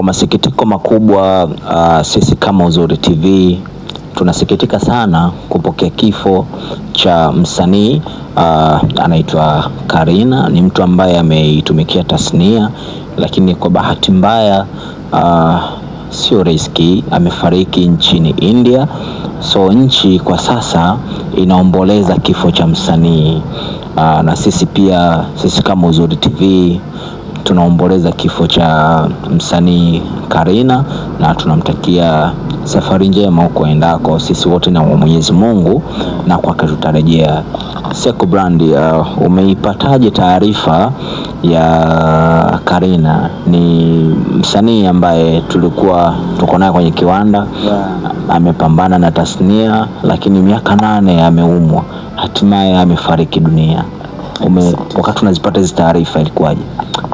Kwa masikitiko makubwa, uh, sisi kama Uzuri TV tunasikitika sana kupokea kifo cha msanii uh, anaitwa Karina. Ni mtu ambaye ameitumikia tasnia, lakini kwa bahati mbaya uh, sio riski, amefariki nchini India. So nchi kwa sasa inaomboleza kifo cha msanii uh, na sisi pia, sisi kama Uzuri TV tunaomboleza kifo cha msanii Karina na tunamtakia safari njema huko endako. Sisi wote na Mwenyezi Mungu na kwake tutarejea. Seko Brandi, uh, umeipataje taarifa ya Karina? Ni msanii ambaye tulikuwa tuko naye kwenye kiwanda yeah. Amepambana na tasnia lakini miaka nane ameumwa, hatimaye amefariki dunia. Ume, wakati unazipata hizi taarifa ilikuwaje?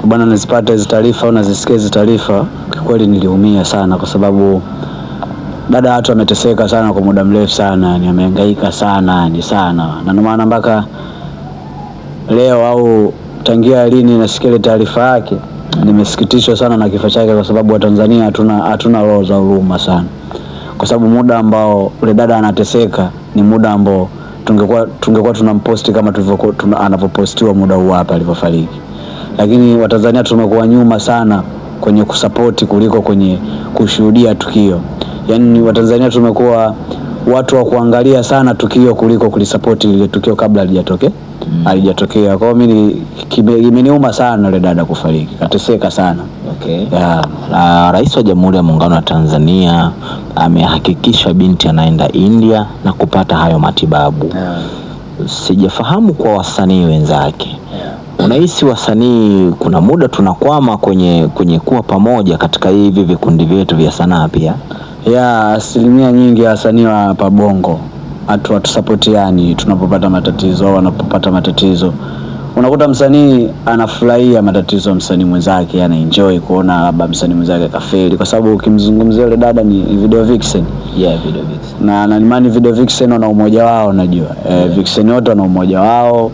bwana, nazipata hizo taarifa au nazisikia hizo taarifa, kikweli niliumia sana, kwa sababu dada watu ameteseka sana kwa muda mrefu sana, yani amehangaika sana, ni sana, na ndio maana mpaka leo au tangia lini nasikia ile taarifa yake, nimesikitishwa sana na kifo chake, kwa sababu Watanzania hatuna hatuna roho za huruma sana, kwa sababu muda ambao ule dada anateseka ni muda ambao tungekuwa tungekuwa tunamposti kama tulivyokuwa anavyopostiwa muda huu hapa alivyofariki lakini Watanzania tumekuwa nyuma sana kwenye kusapoti kuliko kwenye kushuhudia tukio. Yaani Watanzania tumekuwa watu wa kuangalia sana tukio kuliko kulisapoti lile tukio kabla halijatokea mm. halijatokea. Kwa hiyo mimi imeniuma sana ile dada kufariki, kateseka sana. Okay. Ya, Rais wa Jamhuri ya Muungano wa Tanzania amehakikisha binti anaenda India na kupata hayo matibabu. Yeah. Sijafahamu kwa wasanii wenzake. Yeah. Unahisi wasanii kuna muda tunakwama kwenye, kwenye kuwa pamoja katika hivi vikundi vyetu vya sanaa pia? Ya asilimia nyingi ya wasanii wa hapa Bongo hatu hatusapotiani, tunapopata matatizo au wanapopata matatizo, unakuta msanii anafurahia matatizo ya msanii mwenzake, anaenjoy kuona labda msanii mwenzake kafeli, kwa sababu ukimzungumzia yule dada ni Video Vixen. Yeah, Video Vixen. Na naimani Video Vixen wana umoja wao, najua eh, yeah. Eh, Vixen wote wana umoja wao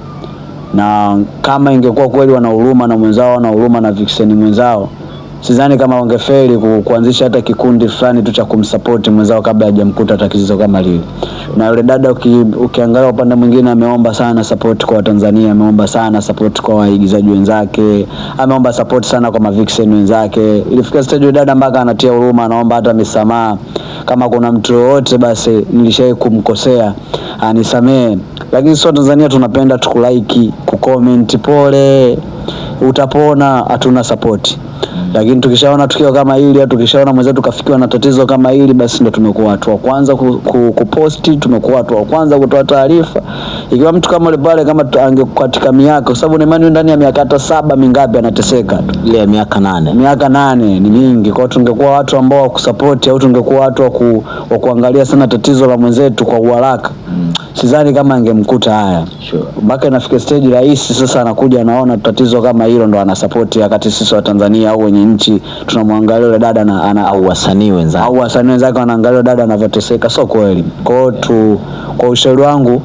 na kama ingekuwa kweli wana huruma na mwenzao wana huruma na Vixen mwenzao, sidhani kama wangefeli kuanzisha hata kikundi fulani tu cha kumsupport mwenzao kabla hajamkuta tatizo kama lile. Na yule dada uki, ukiangalia upande mwingine ameomba sana support kwa Watanzania, ameomba sana support kwa waigizaji wenzake, ameomba support sana kwa Mavixen wenzake. Ilifika stage yule dada mpaka anatia huruma, anaomba hata misamaha, kama kuna mtu yoyote basi nilishai kumkosea anisamee, lakini sio Tanzania tunapenda tukulaiki, kucomment pole, utapona, hatuna support. Lakini tukishaona tukio kama hili au tukishaona mwenzetu kafikiwa na tatizo kama hili, basi ndo tumekuwa watu wa kwanza kuposti ku, ku tumekuwa watu wa kwanza kutoa taarifa. Ikiwa mtu kama yule pale kama angekatika miaka, kwa sababu naimani ndani ya miaka hata saba mingapi anateseka tu ile yeah, miaka nane, miaka nane ni mingi. Kwa tungekuwa watu ambao wa kusupport au tungekuwa watu wa, ku, wa kuangalia sana tatizo la mwenzetu kwa uharaka mm sidhani kama angemkuta haya mpaka sure. Inafika stage rais sasa anakuja anaona tatizo kama hilo ndo anasapoti, wakati sisi wa Tanzania au wenye nchi tunamwangalia yule dada na ana au wasanii wenzake au wasanii wenzake wanaangalia dada anavyoteseka, sio kweli. Kwa hiyo tu, kwa ushauri wangu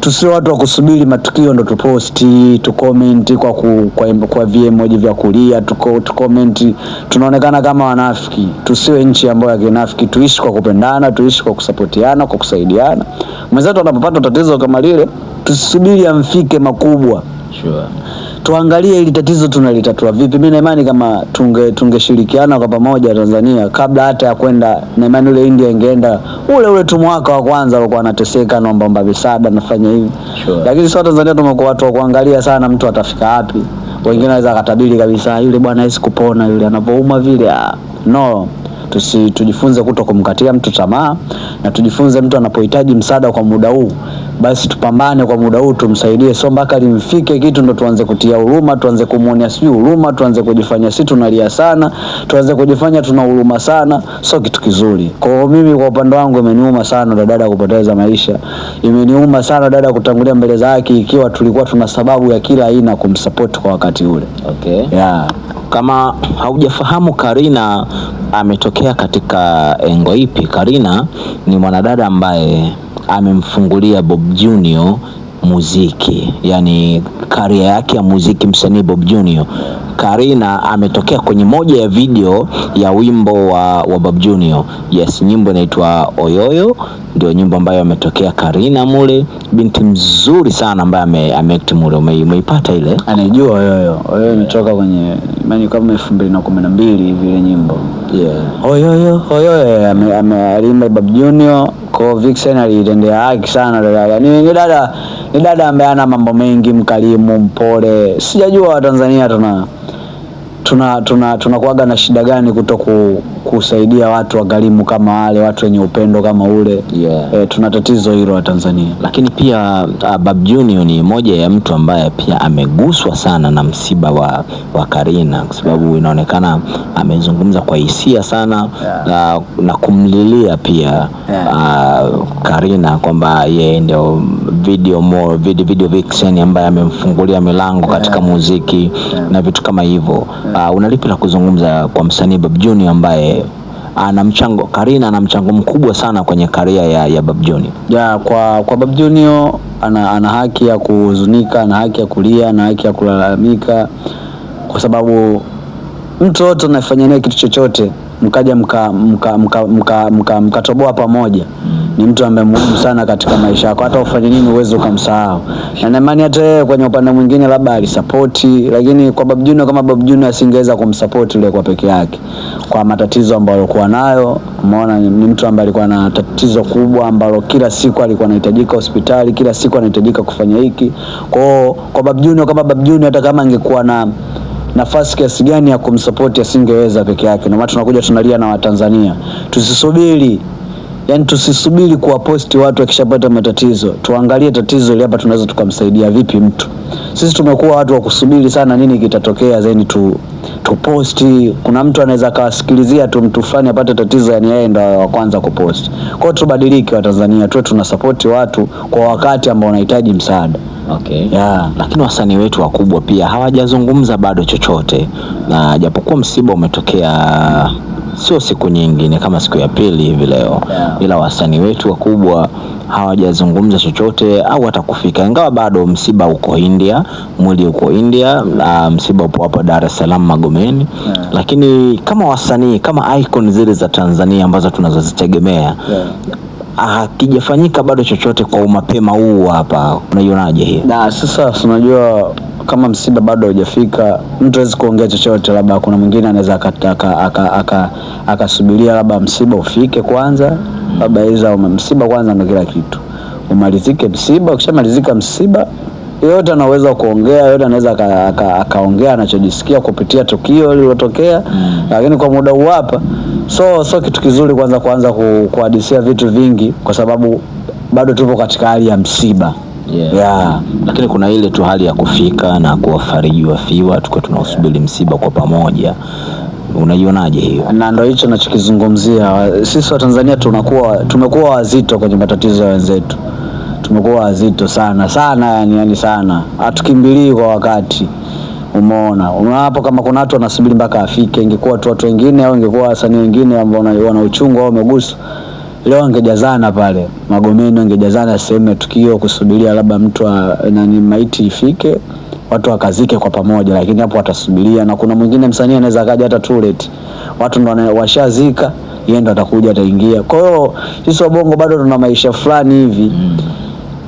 Tusio watu wa kusubiri matukio ndo tuposti tukomenti kwa, ku, kwa, kwa viemoji vya kulia tukomenti, tunaonekana kama wanafiki. Tusiwe nchi ambayo ya kinafiki, tuishi kwa kupendana, tuishi kwa kusapotiana, kwa kusaidiana. Mwenzetu anapopata tatizo kama lile tusubiri amfike makubwa, sure tuangalie hili tatizo tunalitatua vipi. Mimi na imani kama tunge tungeshirikiana kwa pamoja Tanzania, kabla hata ya kwenda na imani ule India ingeenda ule ule tu mwaka wa kwanza alikuwa anateseka, naomba mba visada nafanya hivi sure. Lakini sio Tanzania, tumekuwa watu wa kuangalia sana mtu atafika wapi. Wengine anaweza katabili kabisa, yule bwana hisi kupona, yule anapouma vile ah, no tusi tujifunze kuto kumkatia mtu tamaa na tujifunze mtu anapohitaji msaada kwa muda huu basi tupambane kwa muda huu, tumsaidie, sio mpaka limfike kitu ndo tuanze kutia huruma, tuanze kumuonea sijui huruma, tuanze kujifanya si tunalia sana, tuanze kujifanya tuna huruma sana, sio kitu kizuri. Kwa hiyo mimi kwa upande wangu imeniuma sana dada kupoteza maisha, imeniuma sana dada kutangulia mbele za haki, ikiwa tulikuwa tuna sababu ya kila aina kumsupport kwa wakati ule. Okay. Yeah. Kama haujafahamu Karina ametokea katika engo ipi, Karina ni mwanadada ambaye amemfungulia Bob Junior muziki, yani karia yake ya muziki. Msanii Bob Junior Karina ametokea kwenye moja ya video ya wimbo wa, wa Bob Junior. Yes, nyimbo inaitwa Oyoyo ndio nyimbo ambayo ametokea Karina mule, binti mzuri sana ambaye ame ameact mule. Umeipata ile? Anijua Oyoyo. Oyoyo imetoka kwenye imani kama 2012 hivi ile nyimbo. Yeah. Oyoyo, Oyoyo amealimba Bob Junior kwa Vixen aliitendea haki sana dada. Ni, yaani ni dada ni dada ambaye ana mambo mengi, mkalimu, mpole. Sijajua Watanzania tuna tuna tuna tunakuaga na shida gani kutoku kusaidia watu wakarimu kama wale watu wenye upendo kama ule yeah. E, tuna tatizo hilo wa Tanzania, lakini pia uh, Bab Junior ni moja ya mtu ambaye pia ameguswa sana na msiba wa, wa Karina kwa sababu inaonekana amezungumza kwa hisia sana yeah. na, na kumlilia pia yeah. uh, Karina kwamba yeye ndio video more, video, video vixen ambaye amemfungulia milango katika yeah. muziki yeah. na vitu kama hivyo yeah. uh, ah, unalipi la kuzungumza kwa msanii Bab Junior ambaye ambaye eh, ana mchango Karina ana mchango mkubwa sana kwenye karia ya, ya Bab Junior. Ya, kwa, kwa Bab Junior ana, ana haki ya kuhuzunika, ana haki ya kulia, ana haki ya kulalamika kwa sababu mtu wote anafanya naye kitu chochote mkaja mkatoboa mka, mka, mka, mka, mka pamoja mm ni mtu ambaye muhimu sana katika maisha yako, hata ufanye nini uweze ukamsahau. Na naamini hata yeye kwenye upande mwingine labda alisapoti, lakini kwa Babu Junior, kama Babu Junior asingeweza kumsapoti yule kwa peke yake, kwa matatizo ambayo alikuwa nayo. Umeona, ni mtu ambaye alikuwa na tatizo kubwa ambalo kila siku alikuwa anahitajika hospitali, kila siku anahitajika kufanya hiki. Kwa hiyo kwa Babu Junior, kama Babu Junior hata kama angekuwa na nafasi kiasi gani ya kumsapoti asingeweza ya peke yake. Ndio maana tunakuja tunalia na Watanzania, tusisubiri yani tusisubiri kuwaposti watu wakishapata matatizo, tuangalie tatizo ili hapa tunaweza tukamsaidia vipi mtu. Sisi tumekuwa watu wa kusubiri sana nini kitatokea, then tu tuposti. Kuna mtu anaweza akawasikilizia tu mtu fulani apate tatizo, yani yeye ndo wa kwanza kuposti. Kwa hiyo tubadilike, Watanzania tuwe tunasapoti watu kwa wakati ambao wanahitaji msaada. Okay. Yeah. Lakini wasanii wetu wakubwa pia hawajazungumza bado chochote, na japokuwa msiba umetokea sio siku nyingi, ni kama siku ya pili hivi leo, ila wasanii wetu wakubwa hawajazungumza chochote au hata kufika, ingawa bado msiba uko India, mwili uko India, msiba upo hapa Dar es Salaam Magomeni, yeah. Lakini kama wasanii kama icon zile za Tanzania ambazo tunazozitegemea yeah. Hakijafanyika bado chochote kwa umapema huu hapa, unaionaje hii? Na sasa unajua kama msiba bado haujafika, mtu hawezi kuongea chochote, labda kuna mwingine anaweza akasubiria labda msiba ufike kwanza, labda iza msiba kwanza ndo kila kitu, umalizike msiba. Ukishamalizika msiba, yote anaweza kuongea, yote anaweza akaongea anachojisikia kupitia tukio lililotokea mm. Lakini kwa muda hapa, so so kitu kizuri kwanza kuanza kuhadisia vitu vingi, kwa sababu bado tupo katika hali ya msiba yeah. Yeah. Lakini kuna ile tu hali ya kufika na kuwafariji wafiwa, tukiwa tunausubiri msiba kwa pamoja. Unaionaje hiyo? Na ndio hicho nachokizungumzia. Sisi wa Tanzania tunakuwa tumekuwa wazito kwenye matatizo ya wenzetu, tumekuwa wazito sana sana, yani yani sana, hatukimbilii kwa wakati. Umeona, unaona hapo, kama kuna watu wanasubiri mpaka afike. Ingekuwa tu watu wengine au ingekuwa wasanii wengine ambao wana uchungu au wameguswa leo angejazana pale Magomeni, angejazana sehemu ya tukio kusubiria labda mtu wa, nani maiti ifike watu wakazike kwa pamoja, lakini hapo watasubiria, na kuna mwingine msanii anaweza akaja hata too watu ndo washazika, yeye ndo atakuja ataingia. Kwa hiyo sisi wabongo bado tuna maisha fulani hivi mm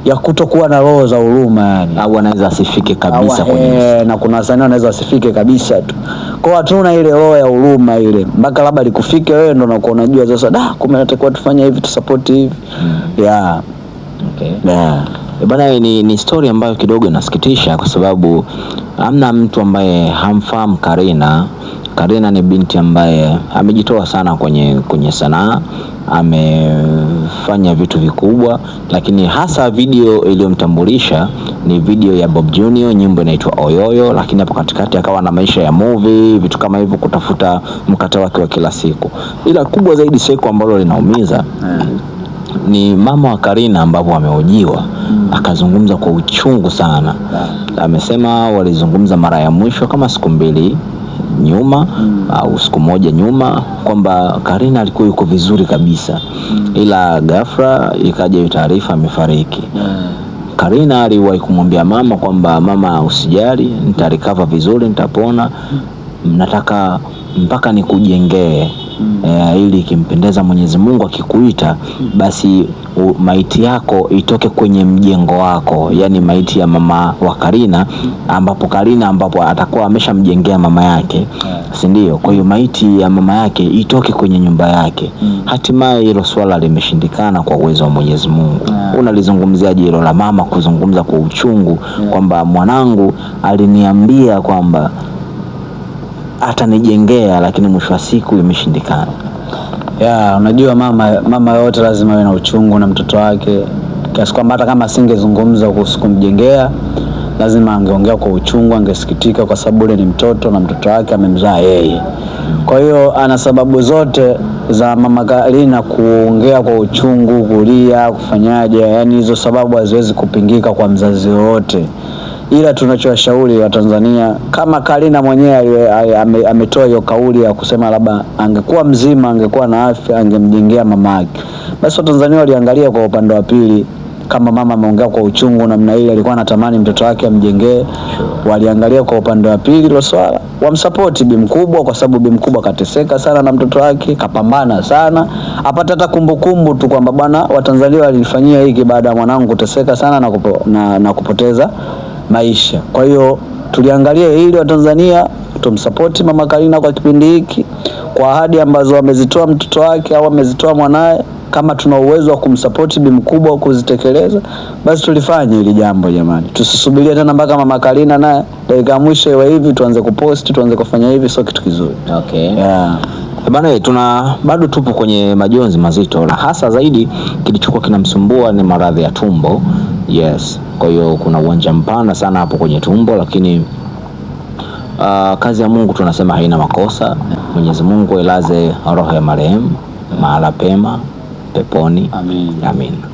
ya kutokuwa na roho za huruma yani, au anaweza asifike kabisa kwenye, eh, na kuna wasanii anaweza asifike kabisa tu, kwa hatuna ile roho ya huruma ile, mpaka labda likufike wewe ndo unakuwa unajua sasa, da kumbe natakiwa tufanye hivi tusupport hivi hmm. ya yeah. okay. yeah. Bana, ni, ni story ambayo kidogo inasikitisha kwa sababu hamna mtu ambaye hamfahamu Karina Karina ni binti ambaye amejitoa sana kwenye, kwenye sanaa, amefanya vitu vikubwa, lakini hasa video iliyomtambulisha ni video ya Bob Junior, nyimbo inaitwa Oyoyo, lakini hapo katikati akawa na maisha ya movie, vitu kama hivyo, kutafuta mkate wake wa kila siku. Ila kubwa zaidi siku ambalo linaumiza ni mama wa Karina ambapo ameojiwa Akazungumza kwa uchungu sana Amesema walizungumza mara ya mwisho kama siku mbili nyuma mm. au siku moja nyuma kwamba Karina alikuwa yuko vizuri kabisa mm. ila ghafla ikaja hiyo taarifa amefariki mm. Karina aliwahi kumwambia mama kwamba mama, usijali, nitarikava vizuri, nitapona, nataka mpaka nikujengee mm. E, ili ikimpendeza Mwenyezi Mungu akikuita mm. basi u, maiti yako itoke kwenye mjengo wako, yani maiti ya mama wa Karina mm. ambapo Karina ambapo atakuwa ameshamjengea mama yake yeah. si ndio? Kwa hiyo maiti ya mama yake itoke kwenye nyumba yake mm. hatimaye hilo swala limeshindikana kwa uwezo wa Mwenyezi Mungu yeah. Unalizungumziaje hilo la mama kuzungumza kwa uchungu yeah. kwamba mwanangu aliniambia kwamba atanijengea, lakini mwisho wa siku imeshindikana. Yeah, unajua mama mama yote lazima awe na uchungu na mtoto wake, kiasi kwamba hata kama asingezungumza kuhusu kumjengea, lazima angeongea kwa uchungu, angesikitika kwa sababu ule ni mtoto na mtoto wake amemzaa yeye. Kwa hiyo ana sababu zote za mama Galina kuongea kwa uchungu, kulia, kufanyaje, yani hizo sababu haziwezi kupingika kwa mzazi wowote ila tunachowashauri Watanzania kama Karina mwenyewe ametoa hiyo kauli ya kusema labda angekuwa mzima, angekuwa na afya, angemjengea mama yake, basi Watanzania waliangalia kwa upande wa pili kama mama ameongea kwa uchungu namna ile, alikuwa anatamani mtoto wake amjengee. Waliangalia kwa upande wa pili hilo swala, wamsapoti bi mkubwa, kwa sababu bi mkubwa kateseka sana na mtoto wake, kapambana sana, apata hata kumbukumbu tu kwamba bwana, Watanzania walifanyia hiki baada ya mwanangu kuteseka sana na, kupo, na, na kupoteza maisha. Kwa hiyo tuliangalia hili Watanzania, tumsapoti Mama Karina kwa kipindi hiki, kwa ahadi ambazo amezitoa mtoto wake au amezitoa mwanaye kama tuna uwezo wa kumsapoti bi mkubwa kuzitekeleza, basi tulifanye hili jambo jamani. Tusisubirie tena mpaka mama Karina naye dakika ya mwisho iwe hivi tuanze kuposti tuanze kufanya hivi, sio kitu kizuri. Okay. Yeah. Bana, tuna bado tupo kwenye majonzi mazito, na hasa zaidi kilichokuwa kinamsumbua ni maradhi ya tumbo. Yes, kwa hiyo kuna uwanja mpana sana hapo kwenye tumbo, lakini uh, kazi ya Mungu tunasema haina makosa. Mwenyezi Mungu ailaze roho ya marehemu mahala pema peponi. Amin. Amin.